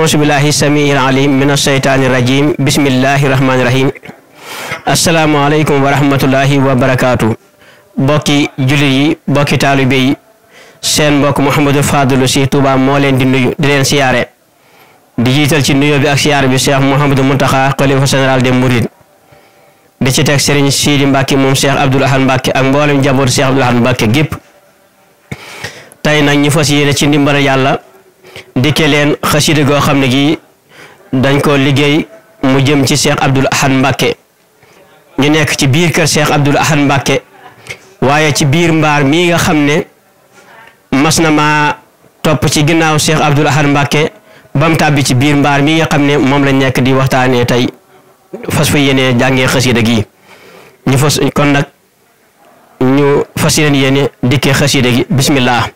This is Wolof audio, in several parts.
أعوذ بالله السميع العليم من الشيطان الرجيم بسم الله الرحمن الرحيم السلام عليكم ورحمة bokki jullit bokki taalibe yi seen mbokk Mouhamadou Fadilou Sy Touba moo leen di nuyu di leen siyaare di jiital ci nuyoo bi ak siyaare bi Cheikh Mouhamadou Mountakha xalifa général des Mourides di ci teg Serigne Sidi Mbacke moom Cheikh Abdoul Ahad Mbacke ak mboolem njaboot Cheikh Abdoul Ahad Mbacke gépp tey nag ñu ci ndimbal dikkee leen xasida goo xam ne gi dañ ko liggéey mu jëm ci Cheikh Abdoul Ahad Mbacké ñu nekk ci biir kër Cheikh Abdoul Ahad Mbacké waaye ci biir mbaar mii nga xam ne mas na maa topp ci ginnaaw Cheikh Abdoul Ahad Mbacké bam tàbbi ci biir mbaar mii nga xam ne moom lañ nekk di waxtaanee tey fas fa yéene jàngee xasida gi ñu fas kon nag ñu fas yéene dikkee xasida gi bismillah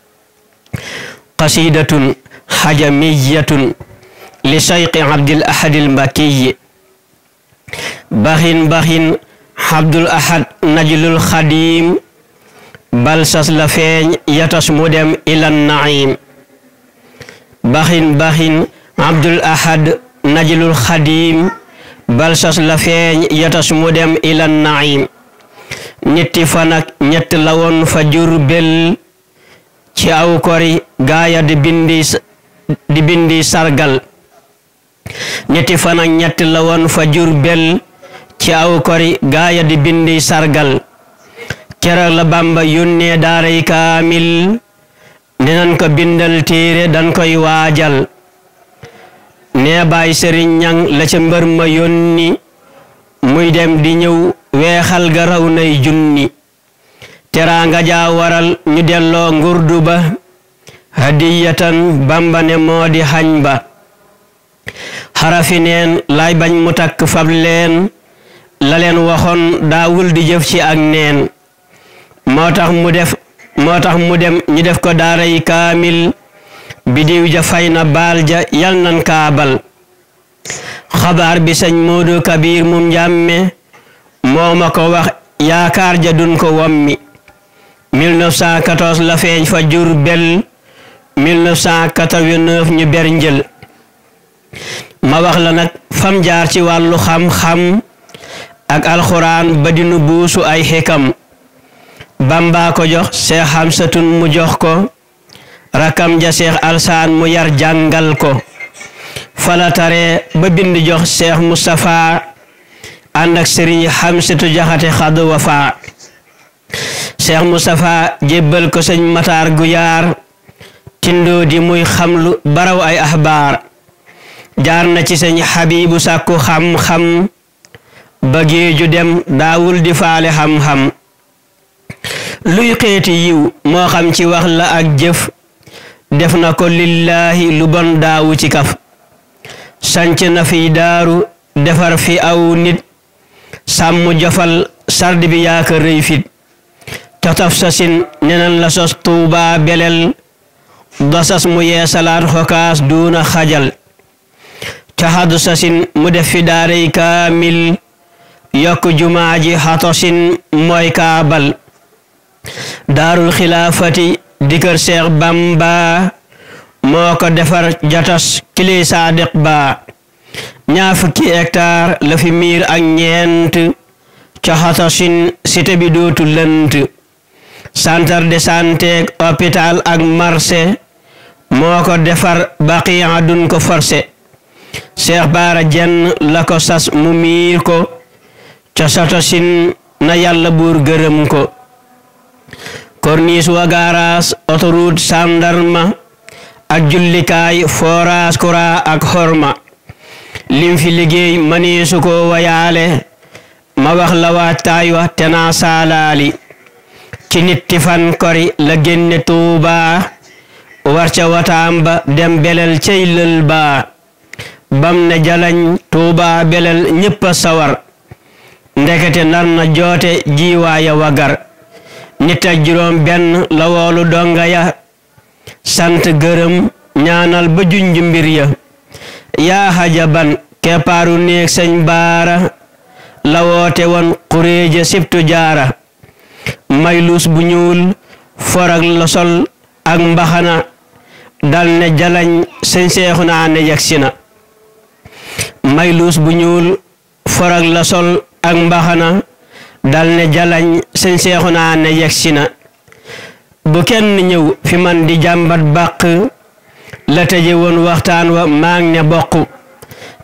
qasidatun xajamiyatun li cheikh abdil ahadil mbakiyi baxin baxin abdul ahad najlul xadim balsas la feeñ yatas mu dem ilan naim baxin baxin abdul ahad najlul xadim balsas la feeñ yatas mu ilan naim ñetti fan ak ñett lawoon fa Jurbel ci aw kori gaaya di bindi sargal ñetti fan ak ñett la fa Jurbel ci aw kori gaaya di bindi sargal keroog la Bàmba yónnee daaray kaamil dinañ ko bindal téere dañ koy waajal nee baay la ci mbër ma yónni muy dem di ñëw weexal ga raw nay junni teraanga jaa waral ñu delloo ngurdu ba hadiyatan bamba ne moo di ba xarafi neen lay bañ mu takk fab leen la waxoon daawul di jëf ci ak neen moo tax mu dem ñu def ko daara yi kaamil bidiw ja fay na baal ja yal kaabal xabaar bi sëñ Moodu Kabir mum njàmme moo ko wax yaakaar ja dun ko wommi 1914 la feeñ fa Jurbel 1989 ñu ber njël ma wax la nag fam jaar ci wàllu xam-xam ak alxuraan ba dinu buusu ay xikam bamba ko jox seex xamsatun mu jox ko rakam ja seex alsaan mu yar jàngal ko falatare ba bind jox seex mustapha ànd ak sëriñ xamsatu jaxate xadu wafa seex mustapha jébbal ko sëñ mataar yar ci ndóodi muy xamlu baraw ay axbaar jaar na ci sëñ xabiibu sàkku xam-xam ba géeju dem daawul di faale xam-xam luy xeeti yiw moo xam ci wax la ak jëf def na ko lillaahi lu bon daawu ci kaf sanc na fi daaru defar fi aw nit sàmm jofal sard bi yaaka rëy fit totaf sa sin nenan la sos tuubaa dasas mu yeesalaat xokaas duuna xajal ca xadu sasin mu def fi daaray kaamil yokk jumaa ji xatosin mooy kaabal daarul xilaafati di kër seex bamba moo ko defar jatas kili saadiq ba ñaar fukki hectare la ak ñeent ca xatosin cité bi dootu lënt centre de santé hôpital ak marché moo ko defar baqiya duñ ko forcé Cheikh Baara Jenn la ko sas mu miir ko ca satosin na yàlla buur gërëm ko corniche wa garage autoroute sandarma ak jullikaay forage courant ak xorma lim fi liggéey maniisu ko wayaale ma wax la waataay wa te naa saalaali ci nitti fan kori la génne tuubaa war ca ba dem belel cey ba bam ne jalañ tuuba belel ñëpp sawar ndekete nar na joote jiiwaaya wagar nit ak juróom benn la donga ya sant gërëm ñaanal ba junj mbir ya yaa hajaban keppaaru néeg sëñ baara la woote woon xuréeje sibtu jaara mayluus bu ñuul for ak losol ak mbaxana dal ne jalañ sëñ seexu naa ne yegsi na mayluus bu ñuul forag la sol ak mbaxana dal ne jalañ sëñ seexu naa ne yegsi na bu kenn ñëw fi man di jàmbat bàq la ji woon waxtaan wa maa ne bokk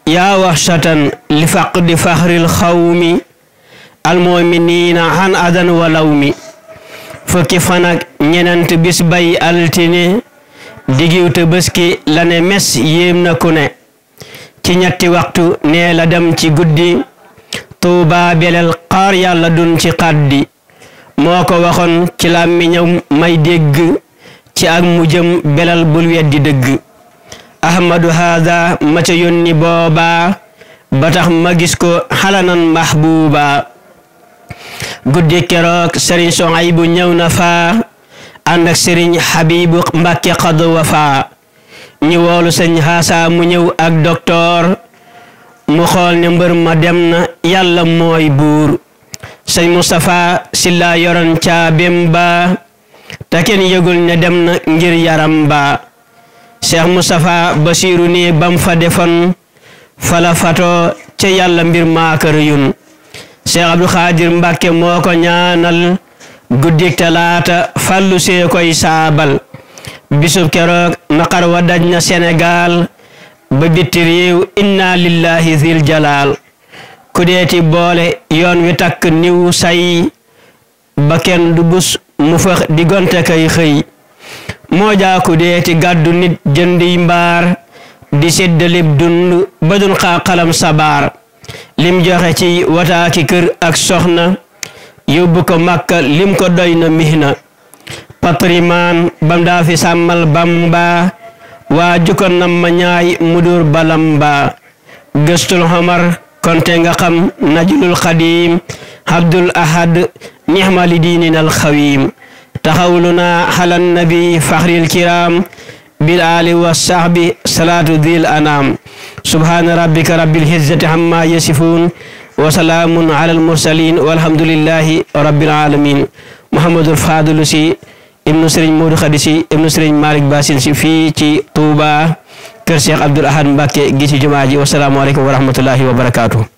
yaa waxshatan li faqdi faxril xawmi almoominiina xan adan walaw mi fukki fan ñenent bis bay altine diggiw bëski la ne mes yéem na ku ne ci ñetti waxtu nee la dem ci guddi tuuba belel xaar yàlla dun ci xaddi moo ko waxoon ci làmmiñam may dégg ci ak mu jëm belal bul weddi dëgg ahmadu haada ma ca yónni boobaa ba tax ma gis ko xalanan mahbuuba guddi keroog sëriñ Sohaybu ñëw na faa ànd ak sëriñ Habibu Mbàkke Xad Wafa ñu woolu sëñ Xaasa mu ñëw ak docteur mu xool ne mbër ma dem na yàlla mooy buur sëñ Moustapha Silla yoroon caabim ba te kenn ne dem na ngir yaram ba Cheikh Moustapha Basiru ni bam fa defoon fala fato ca yàlla mbir maakar yun Cheikh Abdou Khadir Mbàkke moo ko ñaanal guddik talaata fàllu see koy saabal bisub keroog naqar wa daj na Sénégal ba bitti réew inna lillahi zil jalaal ku boole yoon wi takk niw say ba kenn du bus mu fax di gonte kay xëy moo jaa gàddu nit jëndiy mbaar di séddalib dund ba dun xalam sabaar lim joxe ci wataaki kër ak soxna yóbbu ko Makka lim ko doy na mihna patrimoine bam daa fi sàmmal Bamba waa jukkoon na ma ñaay mudur balamba gëstul xomar konte nga xam najlul xadim abdul ahad nihmali diinin alxawim taxawlu naa xalan nabi faxril kiram bil ali wa sahbi salatu dil anam subhana rabbika rabbil izzati amma yasifun wa salaamun ala al mursalin walhamdulillahi rabbil alamin muhammadul fadilu si ibnu sëriñ moodu xadi ibnu sëriñ malik basin si fii ci tuuba kër cheikh abdul ahad mbàkke gi ci ji wasalaamu aleykum wa rahmatullahi